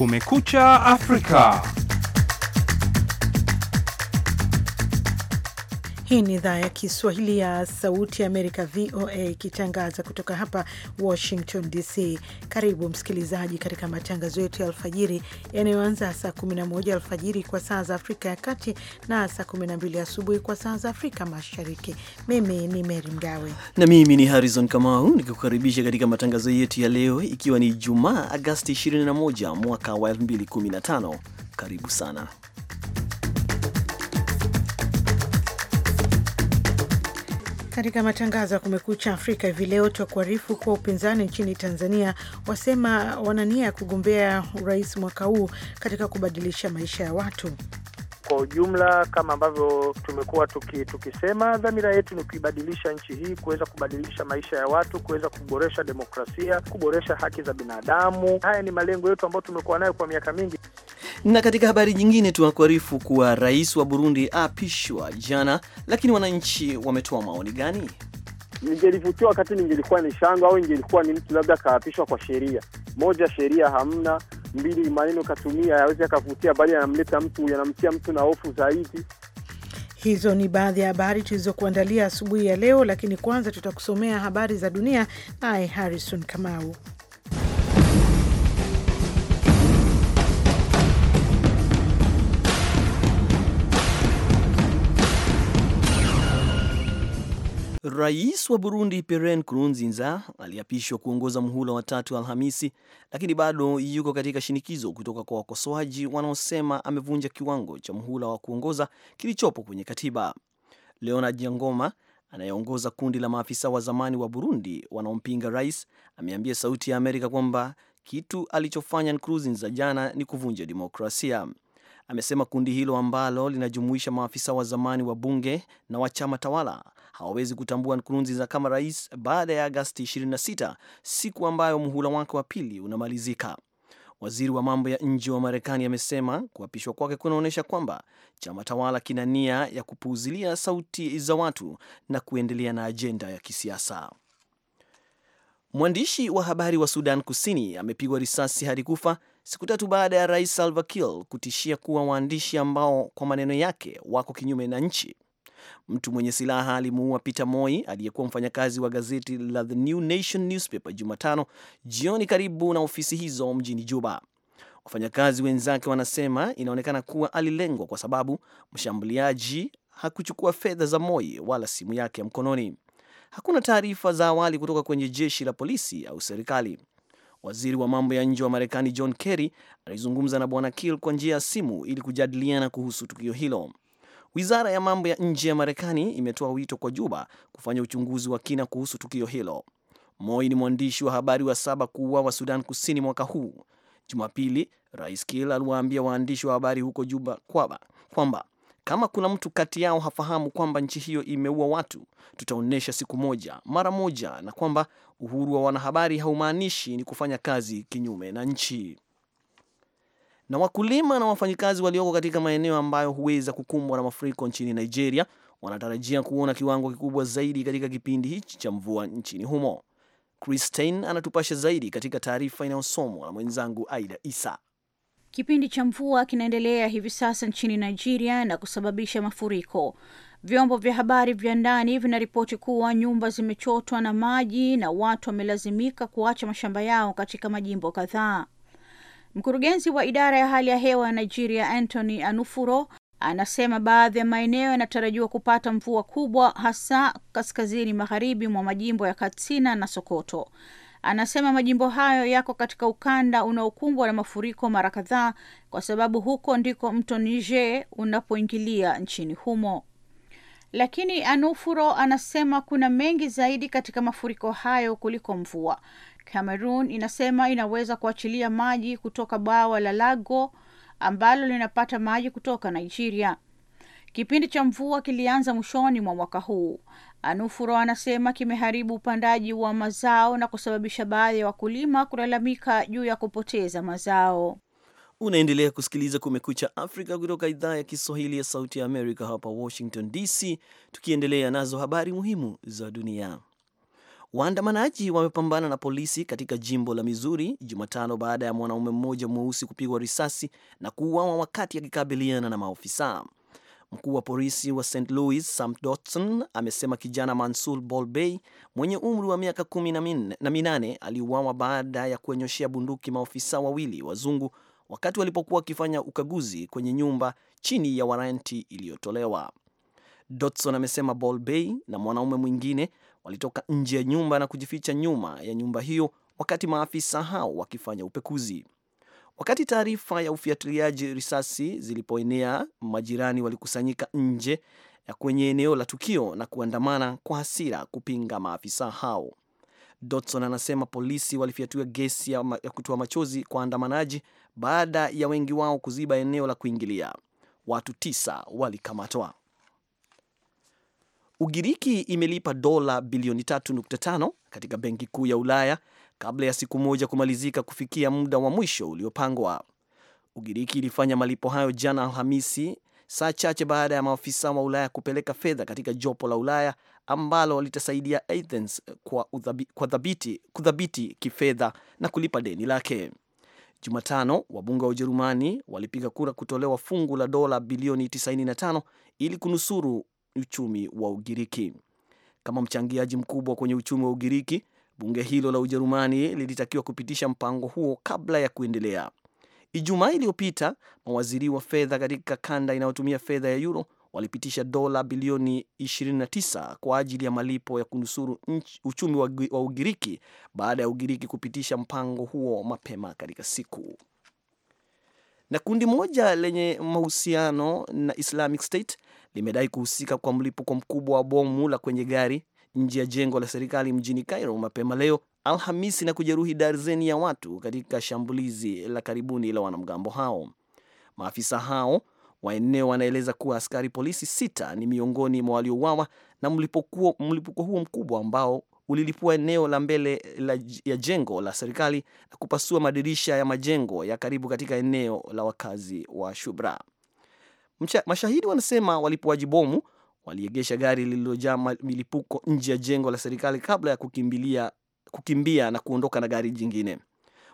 Kumekucha Afrika. Hii ni idhaa ya Kiswahili ya Sauti ya Amerika, VOA, ikitangaza kutoka hapa Washington DC. Karibu msikilizaji katika matangazo yetu ya alfajiri yanayoanza saa 11 alfajiri kwa saa za Afrika ya Kati na saa 12 asubuhi kwa saa za Afrika Mashariki. Mimi ni mery Mgawe na mimi ni Harrison Kamau nikikukaribisha katika matangazo yetu ya leo, ikiwa ni Jumaa Agasti 21 mwaka wa 2015. Karibu sana Katika matangazo ya Kumekucha Afrika hivi leo kuharifu kuwa upinzani nchini Tanzania wasema wanania ya kugombea urais mwaka huu katika kubadilisha maisha ya watu kwa ujumla. Kama ambavyo tumekuwa tuki, tukisema dhamira yetu ni kuibadilisha nchi hii, kuweza kubadilisha maisha ya watu, kuweza kuboresha demokrasia, kuboresha haki za binadamu. Haya ni malengo yetu ambayo tumekuwa nayo kwa miaka mingi. Na katika habari nyingine tunakuarifu kuwa rais wa Burundi aapishwa jana, lakini wananchi wametoa maoni gani? Ningelivutiwa wakati ningelikuwa ni shangwe au ingelikuwa ni mtu labda akaapishwa kwa sheria moja, sheria hamna; mbili, maneno katumia yawezi akavutia, bali yanamleta mtu yanamtia mtu na hofu zaidi. Hizo ni baadhi ya habari tulizokuandalia asubuhi ya leo, lakini kwanza tutakusomea habari za dunia naye Harrison Kamau. Rais wa Burundi Pierre Nkurunziza aliapishwa kuongoza mhula wa tatu Alhamisi, lakini bado yuko katika shinikizo kutoka kwa wakosoaji wanaosema amevunja kiwango cha mhula wa kuongoza kilichopo kwenye katiba. leonad Jangoma anayeongoza kundi la maafisa wa zamani wa Burundi wanaompinga rais ameambia Sauti ya Amerika kwamba kitu alichofanya Nkurunziza jana ni kuvunja demokrasia. Amesema kundi hilo ambalo linajumuisha maafisa wa zamani wa bunge na wa chama tawala hawawezi kutambua Nkurunziza kama rais baada ya Agasti 26, siku ambayo muhula wake wa pili unamalizika. Waziri wa mambo ya nje wa Marekani amesema kuapishwa kwake kunaonyesha kwamba chama tawala kina nia ya kupuuzilia sauti za watu na kuendelea na ajenda ya kisiasa. Mwandishi wa habari wa Sudan Kusini amepigwa risasi hadi kufa siku tatu baada ya rais Salva Kiir kutishia kuwa waandishi ambao kwa maneno yake wako kinyume na nchi Mtu mwenye silaha alimuua Peter Moi aliyekuwa mfanyakazi wa gazeti la The New Nation newspaper Jumatano jioni karibu na ofisi hizo mjini Juba. Wafanyakazi wenzake wanasema inaonekana kuwa alilengwa kwa sababu mshambuliaji hakuchukua fedha za Moi wala simu yake ya mkononi. Hakuna taarifa za awali kutoka kwenye jeshi la polisi au serikali. Waziri wa mambo ya nje wa Marekani John Kerry alizungumza na bwana Kiel kwa njia ya simu ili kujadiliana kuhusu tukio hilo. Wizara ya mambo ya nje ya Marekani imetoa wito kwa Juba kufanya uchunguzi wa kina kuhusu tukio hilo. Moi ni mwandishi wa habari wa saba kuuawa Sudan Kusini mwaka huu. Jumapili, Rais Kiir aliwaambia waandishi wa habari huko Juba kwamba kwamba kama kuna mtu kati yao hafahamu kwamba nchi hiyo imeua watu, tutaonyesha siku moja mara moja, na kwamba uhuru wa wanahabari haumaanishi ni kufanya kazi kinyume na nchi na wakulima na wafanyikazi walioko katika maeneo ambayo huweza kukumbwa na mafuriko nchini Nigeria wanatarajia kuona kiwango kikubwa zaidi katika kipindi hichi cha mvua nchini humo. Christine anatupasha zaidi katika taarifa inayosomwa na mwenzangu Aida Isa. Kipindi cha mvua kinaendelea hivi sasa nchini Nigeria na kusababisha mafuriko. Vyombo vya habari vya ndani vinaripoti kuwa nyumba zimechotwa na maji na watu wamelazimika kuacha mashamba yao katika majimbo kadhaa. Mkurugenzi wa idara ya hali ya hewa ya Nigeria, Anthony Anufuro, anasema baadhi ya maeneo yanatarajiwa kupata mvua kubwa, hasa kaskazini magharibi mwa majimbo ya Katsina na Sokoto. Anasema majimbo hayo yako katika ukanda unaokumbwa na mafuriko mara kadhaa, kwa sababu huko ndiko mto Niger unapoingilia nchini humo. Lakini Anufuro anasema kuna mengi zaidi katika mafuriko hayo kuliko mvua. Cameroon inasema inaweza kuachilia maji kutoka bwawa la Lago ambalo linapata maji kutoka Nigeria. Kipindi cha mvua kilianza mwishoni mwa mwaka huu. Anufuro anasema kimeharibu upandaji wa mazao na kusababisha baadhi ya wakulima kulalamika juu ya kupoteza mazao. Unaendelea kusikiliza Kumekucha Afrika kutoka idhaa ya Kiswahili ya Sauti ya Amerika hapa Washington DC, tukiendelea nazo habari muhimu za dunia. Waandamanaji wamepambana na polisi katika jimbo la mizuri Jumatano baada ya mwanaume mmoja mweusi kupigwa risasi na kuuawa wakati akikabiliana na maofisa. Mkuu wa polisi wa St. Louis Sam Dotson amesema kijana Mansul Bolbey mwenye umri wa miaka kumi na minane aliuawa baada ya kuenyoshea bunduki maofisa wawili wazungu wakati walipokuwa wakifanya ukaguzi kwenye nyumba chini ya waranti iliyotolewa. Dotson amesema Bolbey na mwanaume mwingine walitoka nje ya nyumba na kujificha nyuma ya nyumba hiyo wakati maafisa hao wakifanya upekuzi. Wakati taarifa ya ufiatiliaji risasi zilipoenea, majirani walikusanyika nje ya kwenye eneo la tukio na kuandamana kwa hasira kupinga maafisa hao. Dodson anasema polisi walifyatua gesi ya kutoa machozi kwa waandamanaji baada ya wengi wao kuziba eneo la kuingilia. Watu tisa walikamatwa. Ugiriki imelipa dola bilioni 3.5 katika benki kuu ya Ulaya kabla ya siku moja kumalizika kufikia muda wa mwisho uliopangwa. Ugiriki ilifanya malipo hayo jana Alhamisi, saa chache baada ya maafisa wa Ulaya kupeleka fedha katika jopo la Ulaya ambalo litasaidia Athens kwa kudhabiti kifedha na kulipa deni lake. Jumatano, wabunge wa Ujerumani walipiga kura kutolewa fungu la dola bilioni 95 ili kunusuru uchumi wa Ugiriki. Kama mchangiaji mkubwa kwenye uchumi wa Ugiriki, bunge hilo la Ujerumani lilitakiwa kupitisha mpango huo kabla ya kuendelea. Ijumaa iliyopita mawaziri wa fedha katika kanda inayotumia fedha ya euro walipitisha dola bilioni 29 kwa ajili ya malipo ya kunusuru uchumi wa Ugiriki baada ya Ugiriki kupitisha mpango huo mapema katika siku. Na kundi moja lenye mahusiano na Islamic State limedai kuhusika kwa mlipuko mkubwa wa bomu la kwenye gari nje ya jengo la serikali mjini Cairo mapema leo Alhamisi na kujeruhi darzeni ya watu katika shambulizi la karibuni la wanamgambo hao. Maafisa hao wa eneo wanaeleza kuwa askari polisi sita ni miongoni mwa waliouawa na mlipuko huo mkubwa ambao ulilipua eneo la mbele la, ya jengo la serikali na kupasua madirisha ya majengo ya karibu katika eneo la wakazi wa Shubra. Mashahidi wanasema walipoaji bomu waliegesha gari lililojaa milipuko nje ya jengo la serikali kabla ya kukimbilia, kukimbia na kuondoka na gari jingine.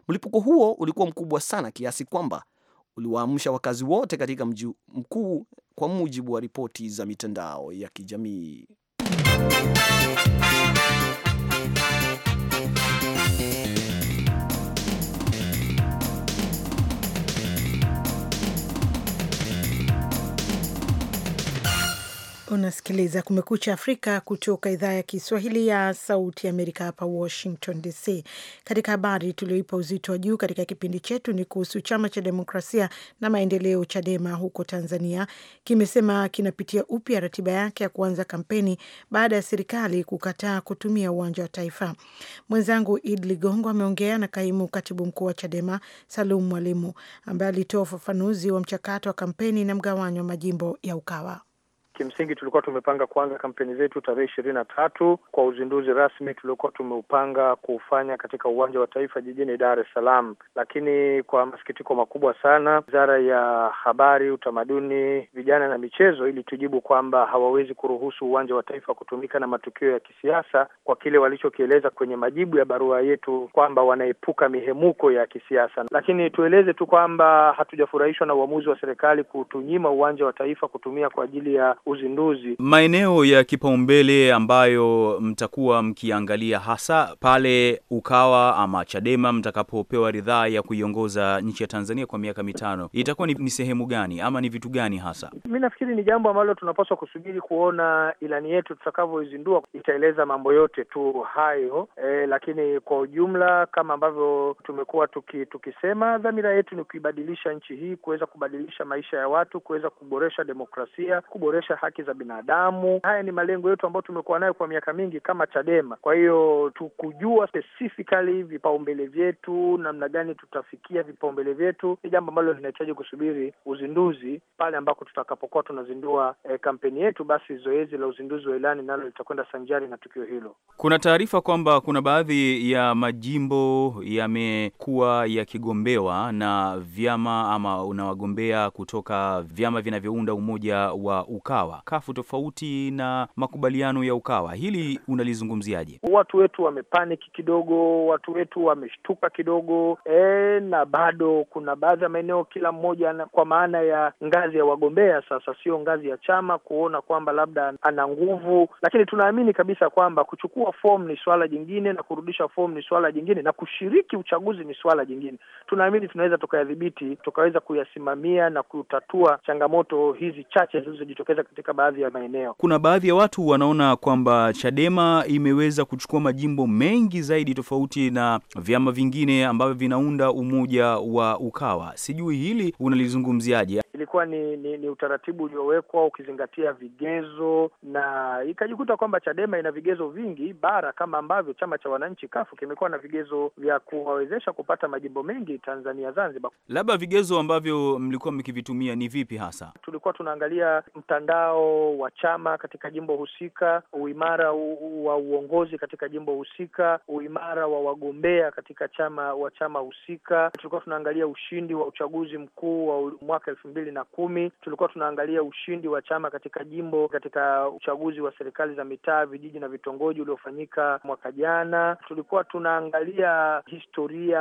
Mlipuko huo ulikuwa mkubwa sana kiasi kwamba uliwaamsha wakazi wote katika mji mkuu, kwa mujibu wa ripoti za mitandao ya kijamii. Unasikiliza Kumekucha Afrika kutoka idhaa ya Kiswahili ya Sauti ya Amerika, hapa Washington DC. Katika habari tulioipa uzito wa juu katika kipindi chetu ni kuhusu chama cha demokrasia na maendeleo, CHADEMA, huko Tanzania. Kimesema kinapitia upya ratiba yake ya kuanza kampeni baada ya serikali kukataa kutumia uwanja wa Taifa. Mwenzangu Id Ligongo ameongea na kaimu katibu mkuu wa CHADEMA, Salum Mwalimu, ambaye alitoa ufafanuzi wa mchakato wa kampeni na mgawanyo wa majimbo ya Ukawa. Kimsingi tulikuwa tumepanga kuanza kampeni zetu tarehe ishirini na tatu kwa uzinduzi rasmi tuliokuwa tumeupanga kuufanya katika uwanja wa taifa jijini Dar es Salaam, lakini kwa masikitiko makubwa sana wizara ya habari, utamaduni, vijana na michezo ili tujibu kwamba hawawezi kuruhusu uwanja wa taifa kutumika na matukio ya kisiasa kwa kile walichokieleza kwenye majibu ya barua yetu kwamba wanaepuka mihemuko ya kisiasa. Lakini tueleze tu kwamba hatujafurahishwa na uamuzi wa serikali kutunyima uwanja wa taifa kutumia kwa ajili ya uzinduzi. Maeneo ya kipaumbele ambayo mtakuwa mkiangalia hasa pale Ukawa ama Chadema mtakapopewa ridhaa ya kuiongoza nchi ya Tanzania kwa miaka mitano, itakuwa ni sehemu gani ama ni vitu gani hasa? Mimi nafikiri ni jambo ambalo tunapaswa kusubiri kuona ilani yetu tutakavyoizindua itaeleza mambo yote tu hayo e, lakini kwa ujumla kama ambavyo tumekuwa tuki, tukisema dhamira yetu ni kuibadilisha nchi hii, kuweza kubadilisha maisha ya watu, kuweza kuboresha demokrasia, kuboresha haki za binadamu. Haya ni malengo yetu ambayo tumekuwa nayo kwa miaka mingi kama Chadema. Kwa hiyo tukujua specifically vipaumbele vyetu, namna gani tutafikia vipaumbele vyetu, ni jambo ambalo linahitaji kusubiri uzinduzi pale ambako tutakapokuwa tunazindua eh, kampeni yetu, basi zoezi la uzinduzi wa ilani nalo litakwenda sanjari na tukio hilo. Kuna taarifa kwamba kuna baadhi ya majimbo yamekuwa yakigombewa na vyama ama unawagombea kutoka vyama vinavyounda umoja wa Ukawa. UKAWA, kafu tofauti na makubaliano ya UKAWA, hili unalizungumziaje? Watu wetu wamepaniki kidogo, watu wetu wameshtuka kidogo e, na bado kuna baadhi ya maeneo, kila mmoja kwa maana ya ngazi ya wagombea, sasa sio ngazi ya chama, kuona kwamba labda ana nguvu, lakini tunaamini kabisa kwamba kuchukua fomu ni swala jingine na kurudisha fomu ni swala jingine na kushiriki uchaguzi ni swala jingine. Tunaamini tunaweza tukayadhibiti, tukaweza kuyasimamia na kutatua changamoto hizi chache zilizojitokeza katika baadhi ya maeneo. Kuna baadhi ya watu wanaona kwamba Chadema imeweza kuchukua majimbo mengi zaidi tofauti na vyama vingine ambavyo vinaunda umoja wa Ukawa. Sijui hili unalizungumziaje? Ilikuwa ni, ni, ni utaratibu uliowekwa ukizingatia vigezo, na ikajikuta kwamba Chadema ina vigezo vingi bara, kama ambavyo chama cha wananchi kafu kimekuwa na vigezo vya kuwawezesha kupata majimbo mengi Tanzania, Zanzibar. Labda vigezo ambavyo mlikuwa mkivitumia ni vipi hasa? Tulikuwa tunaangalia mtandao mgao wa chama katika jimbo husika, uimara wa uongozi katika jimbo husika, uimara wa wagombea katika chama wa chama husika. Tulikuwa tunaangalia ushindi wa uchaguzi mkuu wa mwaka elfu mbili na kumi. Tulikuwa tunaangalia ushindi wa chama katika jimbo katika uchaguzi wa serikali za mitaa, vijiji na vitongoji uliofanyika mwaka jana. Tulikuwa tunaangalia historia,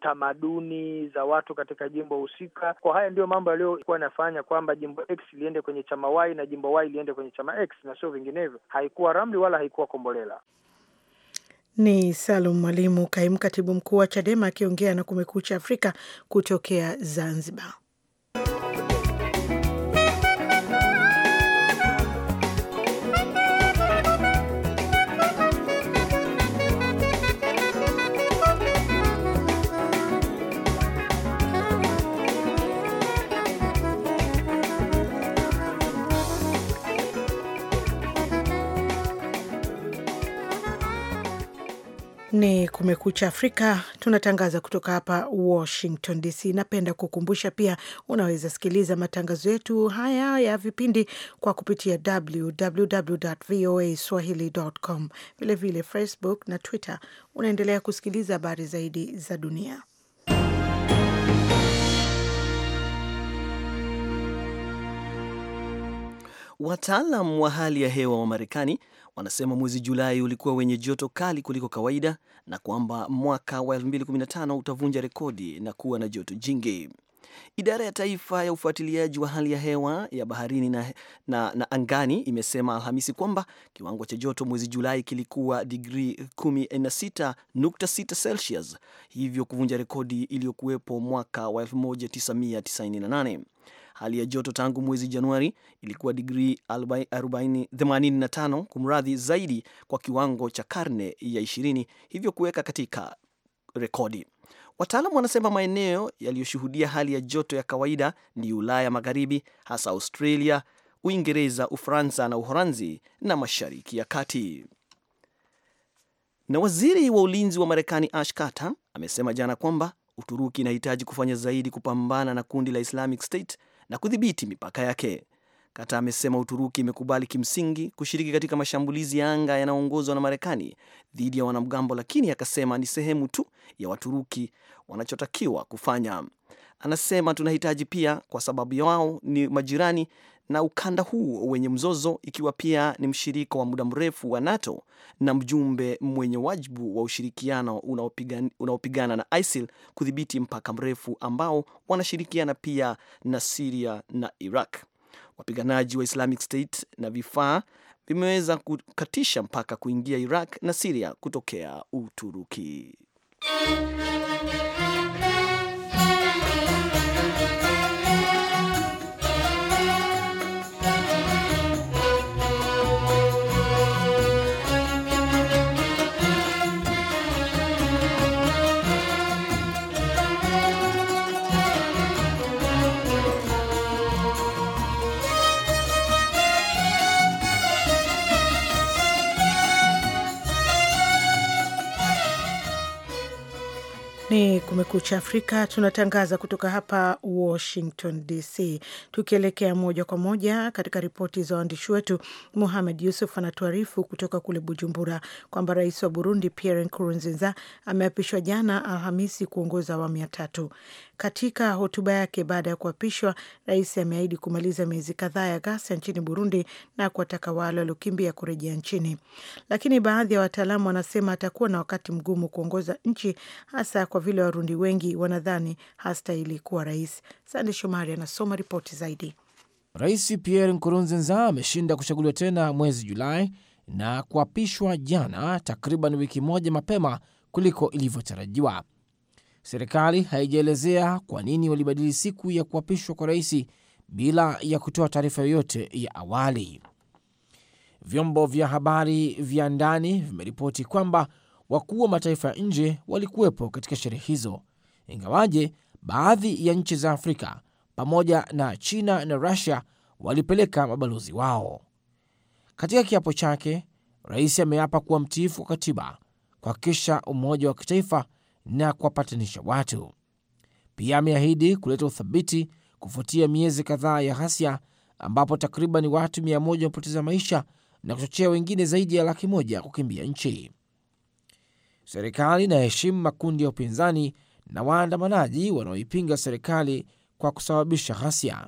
tamaduni za watu katika jimbo husika. Kwa haya ndiyo mambo yaliyokuwa yanafanya kwamba jimbo X liende kwenye chama Y Y na jimbo Y liende kwenye chama X na sio vinginevyo. Haikuwa Ramli wala haikuwa Kombolela. Ni Salum Mwalimu, kaimu katibu mkuu wa CHADEMA akiongea na Kumekucha Afrika kutokea Zanzibar. Ni Kumekucha Afrika, tunatangaza kutoka hapa Washington DC. Napenda kukumbusha pia, unaweza sikiliza matangazo yetu haya ya vipindi kwa kupitia www voa swahilicom vilevile Facebook na Twitter. Unaendelea kusikiliza habari zaidi za dunia. Wataalam wa hali ya hewa wa Marekani wanasema mwezi Julai ulikuwa wenye joto kali kuliko kawaida na kwamba mwaka wa 2015 utavunja rekodi na kuwa na joto jingi. Idara ya Taifa ya Ufuatiliaji wa Hali ya Hewa ya Baharini na, na, na Angani imesema Alhamisi kwamba kiwango cha joto mwezi Julai kilikuwa digri 16.6 Celsius, hivyo kuvunja rekodi iliyokuwepo mwaka wa 1998. Hali ya joto tangu mwezi Januari ilikuwa digrii 85 kumradhi, zaidi kwa kiwango cha karne ya 20, hivyo kuweka katika rekodi. Wataalamu wanasema maeneo yaliyoshuhudia hali ya joto ya kawaida ni Ulaya Magharibi, hasa Australia, Uingereza, Ufaransa na Uholanzi na Mashariki ya Kati. Na waziri wa ulinzi wa Marekani Ash Carter amesema jana kwamba Uturuki inahitaji kufanya zaidi kupambana na kundi la Islamic State na kudhibiti mipaka yake. Kata amesema Uturuki imekubali kimsingi kushiriki katika mashambulizi ya anga yanayoongozwa na Marekani dhidi ya wanamgambo, lakini akasema ni sehemu tu ya Waturuki wanachotakiwa kufanya. Anasema tunahitaji pia, kwa sababu wao ni majirani, na ukanda huu wenye mzozo, ikiwa pia ni mshirika wa muda mrefu wa NATO na mjumbe mwenye wajibu wa ushirikiano unaopigana, na ISIL kudhibiti mpaka mrefu ambao wanashirikiana pia na siria na Iraq. Wapiganaji wa Islamic State na vifaa vimeweza kukatisha mpaka kuingia Iraq na siria kutokea Uturuki. Kumekucha Afrika, tunatangaza kutoka hapa Washington DC, tukielekea moja kwa moja katika ripoti za waandishi wetu. Muhamed Yusuf anatuarifu kutoka kule Bujumbura kwamba rais wa Burundi Pierre Nkurunziza ameapishwa jana Alhamisi kuongoza awamu ya tatu. Katika hotuba yake baada ya kuapishwa, rais ameahidi kumaliza miezi kadhaa ya ghasia nchini Burundi na kuwataka wale waliokimbia kurejea nchini, lakini baadhi ya wataalamu wanasema atakuwa na wakati mgumu kuongoza nchi, hasa kwa vile Warundi wengi wanadhani hastahili kuwa rais. Sande Shomari anasoma ripoti zaidi. Rais Pierre Nkurunziza ameshinda kuchaguliwa tena mwezi Julai na kuapishwa jana, takriban wiki moja mapema kuliko ilivyotarajiwa. Serikali haijaelezea kwa nini walibadili siku ya kuapishwa kwa rais bila ya kutoa taarifa yoyote ya awali. Vyombo vya habari vya ndani vimeripoti kwamba wakuu wa mataifa ya nje walikuwepo katika sherehe hizo, ingawaje baadhi ya nchi za Afrika pamoja na China na Rusia walipeleka mabalozi wao. Katika kiapo chake, rais ameapa kuwa mtiifu wa katiba, kuhakikisha umoja wa kitaifa na kuwapatanisha watu. Pia ameahidi kuleta uthabiti kufuatia miezi kadhaa ya ghasia, ambapo takriban watu mia moja wamepoteza maisha na kuchochea wengine zaidi ya laki moja kukimbia nchi. Serikali inaheshimu makundi ya upinzani na waandamanaji wanaoipinga serikali kwa kusababisha ghasia.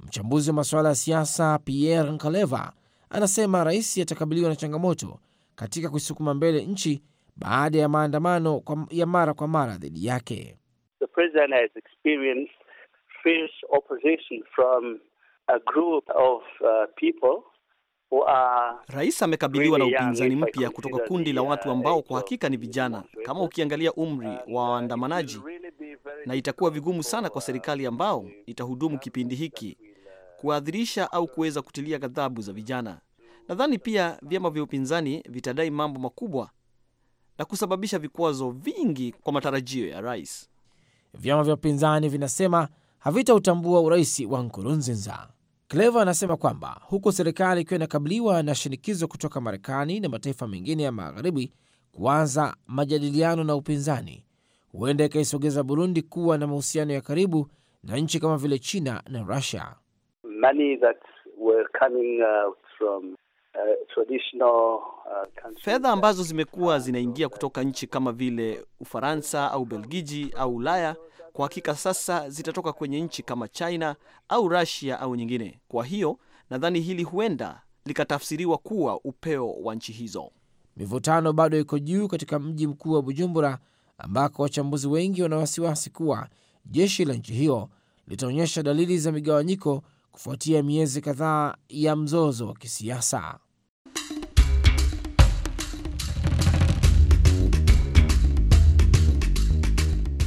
Mchambuzi wa masuala ya siasa Pierre Nkaleva anasema rais atakabiliwa na changamoto katika kuisukuma mbele nchi baada ya maandamano ya mara kwa mara dhidi yake. The Rais amekabiliwa na upinzani mpya kutoka kundi la watu uh, ambao kwa hakika ni vijana, kama ukiangalia umri uh, wa waandamanaji, na itakuwa vigumu sana kwa serikali uh, ambao itahudumu kipindi hiki kuadhirisha au kuweza kutilia ghadhabu za vijana. Nadhani pia vyama vya upinzani vitadai mambo makubwa na kusababisha vikwazo vingi kwa matarajio ya rais. Vyama vya upinzani vinasema havitautambua urais wa Nkurunziza. Clever anasema kwamba huku serikali ikiwa inakabiliwa na shinikizo kutoka Marekani na mataifa mengine ya magharibi kuanza majadiliano na upinzani, huenda ikaisogeza Burundi kuwa na mahusiano ya karibu na nchi kama vile China na Russia. Uh, uh, uh, Fedha ambazo zimekuwa zinaingia kutoka nchi kama vile Ufaransa au Belgiji au Ulaya kwa hakika sasa zitatoka kwenye nchi kama China au Russia au nyingine. Kwa hiyo nadhani hili huenda likatafsiriwa kuwa upeo wa nchi hizo. Mivutano bado iko juu katika mji mkuu wa Bujumbura, ambako wachambuzi wengi wana wasiwasi kuwa jeshi la nchi hiyo litaonyesha dalili za migawanyiko kufuatia miezi kadhaa ya mzozo wa kisiasa.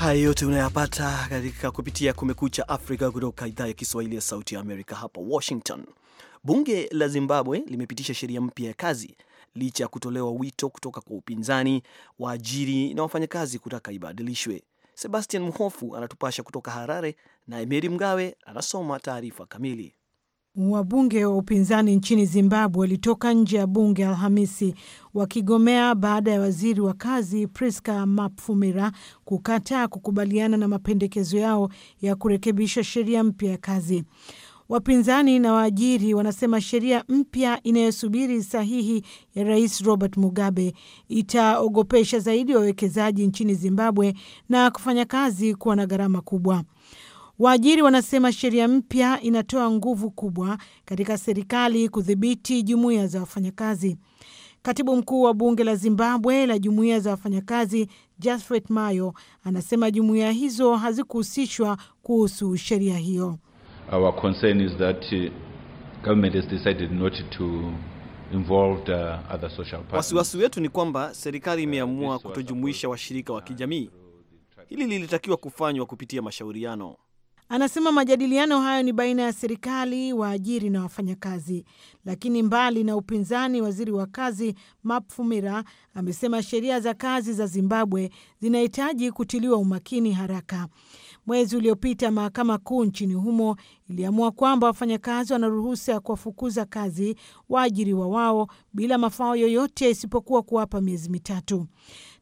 Haya yote unayapata katika kupitia Kumekucha Afrika kutoka idhaa ya Kiswahili ya Sauti ya Amerika hapa Washington. Bunge la Zimbabwe limepitisha sheria mpya ya kazi licha ya kutolewa wito kutoka kwa upinzani, waajiri na wafanyakazi kutaka ibadilishwe. Sebastian Mhofu anatupasha kutoka Harare na Emeri Mgawe anasoma taarifa kamili. Wabunge wa upinzani nchini Zimbabwe walitoka nje ya bunge Alhamisi wakigomea baada ya waziri wa kazi Priska Mapfumira kukataa kukubaliana na mapendekezo yao ya kurekebisha sheria mpya ya kazi. Wapinzani na waajiri wanasema sheria mpya inayosubiri sahihi ya Rais Robert Mugabe itaogopesha zaidi wawekezaji nchini Zimbabwe na kufanya kazi kuwa na gharama kubwa. Waajiri wanasema sheria mpya inatoa nguvu kubwa katika serikali kudhibiti jumuiya za wafanyakazi. Katibu mkuu wa bunge la Zimbabwe la jumuiya za wafanyakazi jafred Mayo anasema jumuiya hizo hazikuhusishwa kuhusu sheria hiyo. Our concern is that uh, government has decided not to involve other social partners. Wasiwasi wetu ni kwamba serikali imeamua kutojumuisha washirika wa kijamii. Hili lilitakiwa kufanywa kupitia mashauriano. Anasema majadiliano hayo ni baina ya serikali, waajiri na wafanyakazi. Lakini mbali na upinzani, waziri wa kazi Mapfumira amesema sheria za kazi za Zimbabwe zinahitaji kutiliwa umakini haraka. Mwezi uliopita mahakama kuu nchini humo iliamua kwamba wafanyakazi wana ruhusa ya kuwafukuza kazi waajiriwa wao bila mafao yoyote isipokuwa kuwapa miezi mitatu.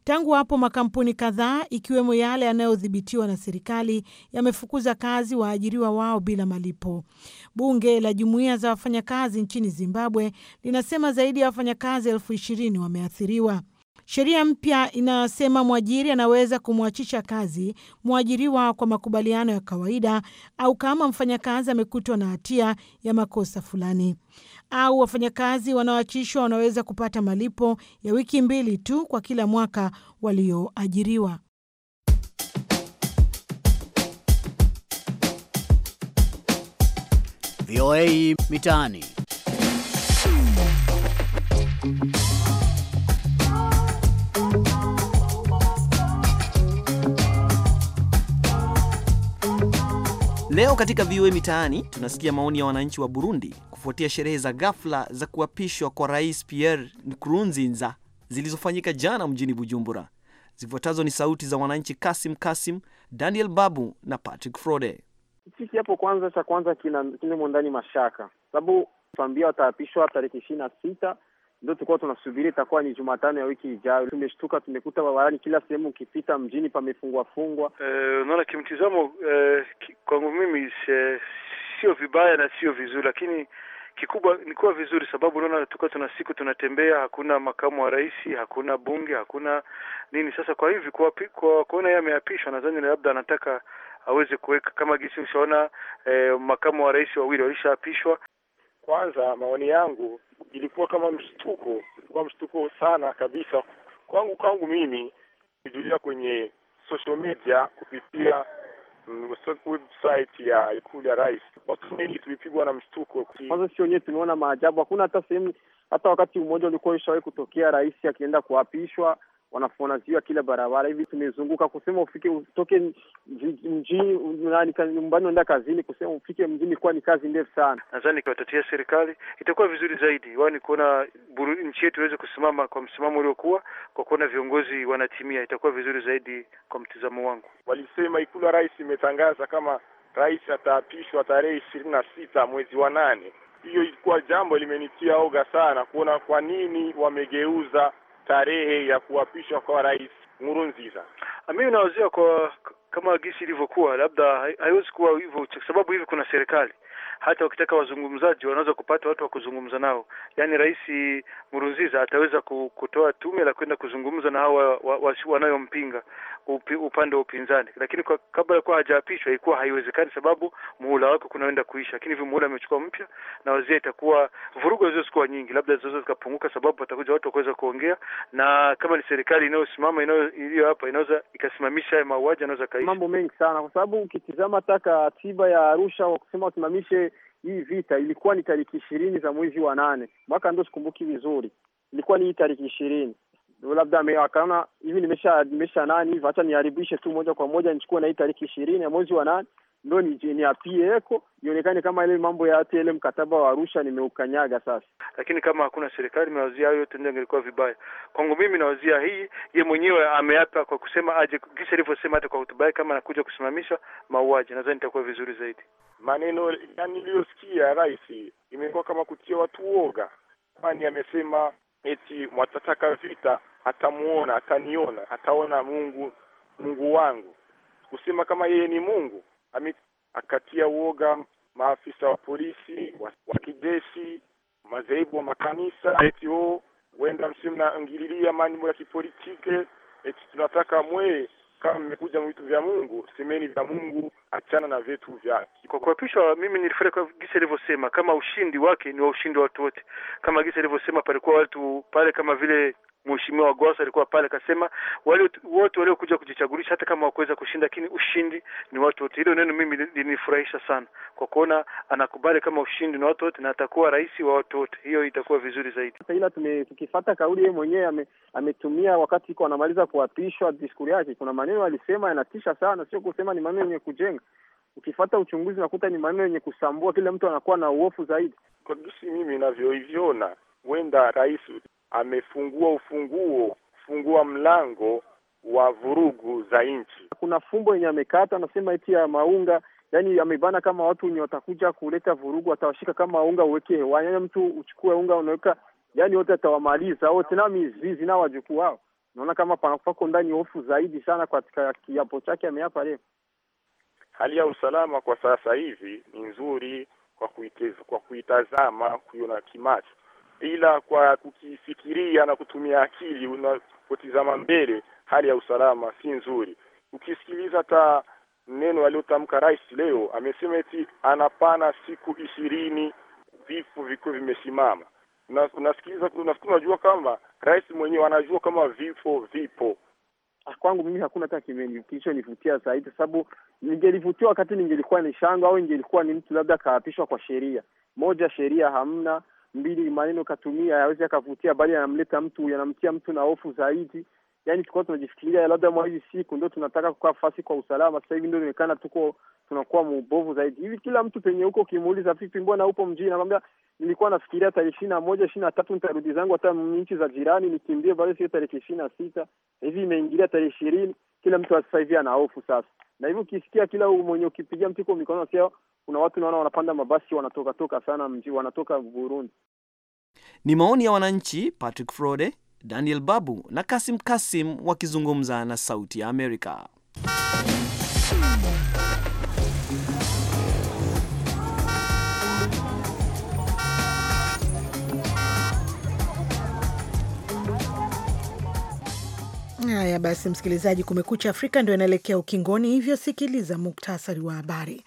Tangu hapo makampuni kadhaa ikiwemo yale yanayodhibitiwa na serikali yamefukuza kazi waajiriwa wao bila malipo. Bunge la jumuiya za wafanyakazi nchini Zimbabwe linasema zaidi ya wafanyakazi elfu ishirini wameathiriwa. Sheria mpya inasema mwajiri anaweza kumwachisha kazi mwajiriwa kwa makubaliano ya kawaida au kama mfanyakazi amekutwa na hatia ya makosa fulani au wafanyakazi wanaoachishwa wanaweza kupata malipo ya wiki mbili tu kwa kila mwaka walioajiriwa. VOA Mitaani. Leo katika VOA e Mitaani tunasikia maoni ya wananchi wa Burundi kufuatia sherehe za ghafla za kuapishwa kwa Rais Pierre Nkurunziza zilizofanyika jana mjini Bujumbura. Zifuatazo ni sauti za wananchi Kasim Kasim, Daniel Babu na Patrick Frode. Sisi hapo kwanza, cha kwanza kina ndani mashaka, sababu tuambia wataapishwa tarehe ishirini na sita ndio tulikuwa tunasubiri itakuwa ni Jumatano ya wiki ijayo. Tumeshtuka, tumekuta barabarani kila sehemu, ukipita mjini pamefungwa fungwa. Eh, unaona, uh, kimtizamo uh, kwangu mimi sio vibaya na sio vizuri, lakini kikubwa ni kuwa vizuri, sababu unaona tuka tuna siku tunatembea, hakuna makamu wa rais, hakuna bunge, hakuna nini. Sasa kwa hivi kwa, kwa kuona yeye ameapishwa, nadhani labda anataka aweze kuweka kama gisi ushaona, eh, makamu wa rais wawili walishaapishwa. Kwanza maoni yangu ilikuwa kama mshtuko, kwa mshtuko sana kabisa kwangu. Kwangu mimi nilijulia kwenye social media kupitia mm, website ya ikulu ya rais, watu wengi tulipigwa na mshtuko. Kwanza sio wenyewe tumeona maajabu, hakuna hata sehemu, hata wakati mmoja ulikuwa ishawahi kutokea rais akienda kuapishwa wanaziwa kila barabara hivi, tumezunguka kusema ufike utoke mjini nyumbani unaenda kazini, kusema ufike mjini kuwa ni kazi ndefu sana. Nadhani ikiwatatia serikali itakuwa vizuri zaidi, ni kuona nchi yetu iweze kusimama kwa msimamo uliokuwa, kwa kuona viongozi wanatimia, itakuwa vizuri zaidi kwa mtizamo wangu. Walisema ikulu ya rais imetangaza kama rais ataapishwa tarehe ishirini na sita mwezi wa nane. Hiyo ilikuwa jambo limenitia oga sana, kuona kwa nini wamegeuza tarehe ya kuapishwa kwa rais Nkurunziza. Ah, mimi nawazia kwa kama gisi ilivyokuwa, labda haiwezi kuwa hivyo, sababu hivi kuna serikali hata wakitaka wazungumzaji wanaweza kupata watu wa kuzungumza nao. Yaani Rais Murunziza ataweza kutoa tume la kwenda kuzungumza na hao wa, wa, wanayompinga upi, upande wa upinzani, lakini kwa, kabla kuwa hajaapishwa ilikuwa haiwezekani, sababu muhula wake kunaenda kuisha, lakini hivi muhula amechukua mpya, na wazia itakuwa vurugu zilizokuwa nyingi, labda zinaweza zikapunguka, sababu watakuja watu wakaweza kuongea, na kama ni serikali inayosimama iliyo hapa inaweza ikasimamisha haya mauaji, anaweza kaisha mambo mengi sana, kwa sababu ukitizama hata katiba ya Arusha kusema wasimamishe hii vita ilikuwa ni tariki ishirini za mwezi wa nane mwaka ndo sikumbuki vizuri, ilikuwa ni hii tariki ishirini labda akaona hivi nimesha nimesha nani hivi, hata niharibishe tu moja kwa moja nichukue na hii tariki ishirini ya mwezi wa nane ndo ni apie eko ionekane kama ile mambo ya hata ile mkataba wa Arusha nimeukanyaga sasa. Lakini kama hakuna serikali mawazia hayo yote, ndio ingekuwa vibaya kwangu. Mimi nawazia hii, ye mwenyewe ameapa kwa kusema aje, kisha alivyosema hata kwa hotuba yake, kama anakuja kusimamisha mauaji, nadhani itakuwa vizuri zaidi. Maneno niliyosikia rais imekuwa kama kutia watu woga, kwani amesema eti mwatataka vita, atamuona ataniona ataona Mungu, Mungu wangu, kusema kama yeye ni Mungu Hamid akatia uoga maafisa wa polisi wa, wa kijeshi, madhehebu wa makanisa, eti o oh, wenda msimu naingililia mambo ya kipolitike, eti tunataka mwe kama mmekuja vitu vya Mungu semeni vya Mungu, achana na vitu vya kwa kuapishwa. Mimi nilifurahi kwa gisa alivyosema, kama ushindi wake ni wa ushindi wa watu wote, kama gisa alivyosema, palikuwa watu pale kama vile Mheshimiwa Gwasa alikuwa pale akasema, wale wote waliokuja kujichagulisha hata kama wakuweza kushinda, lakini ushindi ni watu wote. Hilo neno mimi linifurahisha sana kwa kuona anakubali kama ushindi ni watu wote na atakuwa rais wa watu wote, hiyo itakuwa vizuri zaidi. Sasa ila tukifata kauli yeye mwenyewe ame, ametumia wakati iko anamaliza kuapishwa, diskuri yake kuna maneno alisema yanatisha sana, sio kusema ni maneno yenye kujenga. Ukifata uchunguzi unakuta ni maneno yenye kusambua, kila mtu anakuwa na uofu zaidi. Kwa mimi navyoiviona, huenda rais amefungua ufunguo, kufungua mlango wa vurugu za nchi. Kuna fumbo yenye amekata, anasema eti ya maunga, yani amebana kama watu wenye watakuja kuleta vurugu, atawashika kama unga uweke hewani, yani mtu uchukue unga unaweka, yani wote atawamaliza wote, na mizizi na wajukuu wao. Naona kama panapako ndani hofu zaidi sana katika kiapo chake ameapa leo. Hali ya usalama kwa sasa hivi ni nzuri kwa kuitazama, kuiona kimacho ila kwa kukifikiria na kutumia akili unapotizama mbele, hali ya usalama si nzuri. Ukisikiliza hata neno aliyotamka rais leo, amesema eti anapana siku ishirini vifo vikiwa vimesimama. Unasikiliza, unafikiri unajua kwamba rais mwenyewe anajua kama vifo vipo. Ah, kwangu mimi hakuna hata kilichonivutia zaidi, sababu ningelivutia wakati ningelikuwa ni shangwe au ningelikuwa ni mtu labda kaapishwa kwa sheria moja, sheria hamna mbili maneno katumia yaweze akavutia, bali yanamleta mtu, yanamtia mtu na hofu zaidi. Yani tulikuwa tunajifikiria labda mwa hizi siku ndio tunataka kukaa fasi kwa usalama, sasa hivi ndio inaonekana tuko tunakuwa mbovu zaidi hivi. Kila mtu penye huko ukimuuliza, vipi, mbona upo mjini, nakwambia nilikuwa nafikiria tarehe ishirini na moja ishirini na tatu nitarudi zangu hata nchi za jirani nikimbie, bado sio tarehe ishirini na sita hivi imeingilia tarehe ishirini kila mtu sasa hivi ana hofu sasa, na hivyo ukisikia kila mwenye ukipigia mtiko mikono sio, kuna watu naona wanapanda mabasi wanatoka toka sana mji wanatoka Burundi. Ni maoni ya wananchi Patrick Frode, Daniel Babu na Kasim Kasim wakizungumza na Sauti ya Amerika. Haya basi, msikilizaji, Kumekucha Afrika ndio inaelekea ukingoni, hivyo sikiliza muktasari wa habari.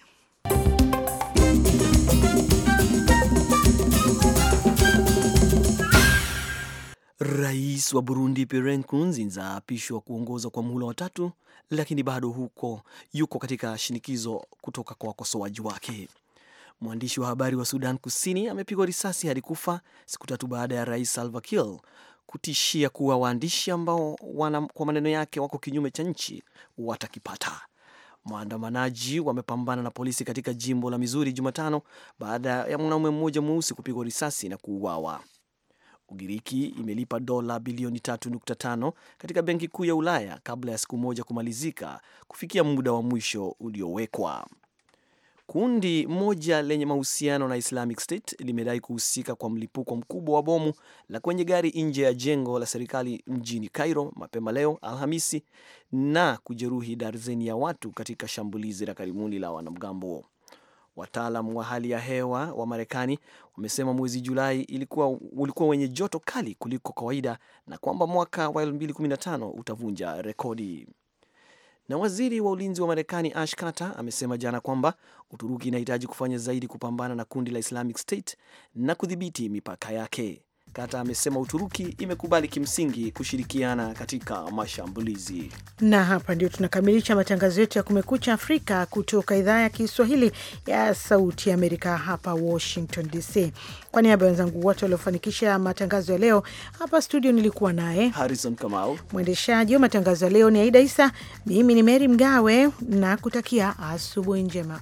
Rais wa Burundi Pierre Nkurunziza aapishwa kuongoza kwa muhula watatu, lakini bado huko yuko katika shinikizo kutoka kwa wakosoaji wake. Mwandishi wa habari wa Sudan Kusini amepigwa risasi hadi kufa siku tatu baada ya rais Salva Kiir kutishia kuwa waandishi ambao wana, kwa maneno yake, wako kinyume cha nchi watakipata. Waandamanaji wamepambana na polisi katika jimbo la Mizuri Jumatano baada ya mwanaume mmoja mweusi kupigwa risasi na kuuawa. Ugiriki imelipa dola bilioni 3.5 katika benki kuu ya Ulaya kabla ya siku moja kumalizika kufikia muda wa mwisho uliowekwa. Kundi moja lenye mahusiano na Islamic State limedai kuhusika kwa mlipuko mkubwa wa bomu la kwenye gari nje ya jengo la serikali mjini Cairo mapema leo Alhamisi na kujeruhi darzeni ya watu katika shambulizi la karibuni la wanamgambo. Wataalam wa hali ya hewa wa Marekani wamesema mwezi Julai ilikuwa, ulikuwa wenye joto kali kuliko kawaida na kwamba mwaka wa 2015 utavunja rekodi. Na waziri wa ulinzi wa Marekani Ash Carter amesema jana kwamba Uturuki inahitaji kufanya zaidi kupambana na kundi la Islamic State na kudhibiti mipaka yake. Kata amesema Uturuki imekubali kimsingi kushirikiana katika mashambulizi. Na hapa ndio tunakamilisha matangazo yetu ya Kumekucha Afrika kutoka idhaa ya Kiswahili ya Sauti Amerika hapa Washington DC. Kwa niaba ya wenzangu wote waliofanikisha matangazo ya leo hapa studio, nilikuwa naye Harrison Kamau, mwendeshaji wa matangazo ya leo ni Aida Isa, mimi ni Meri Mgawe na kutakia asubuhi njema.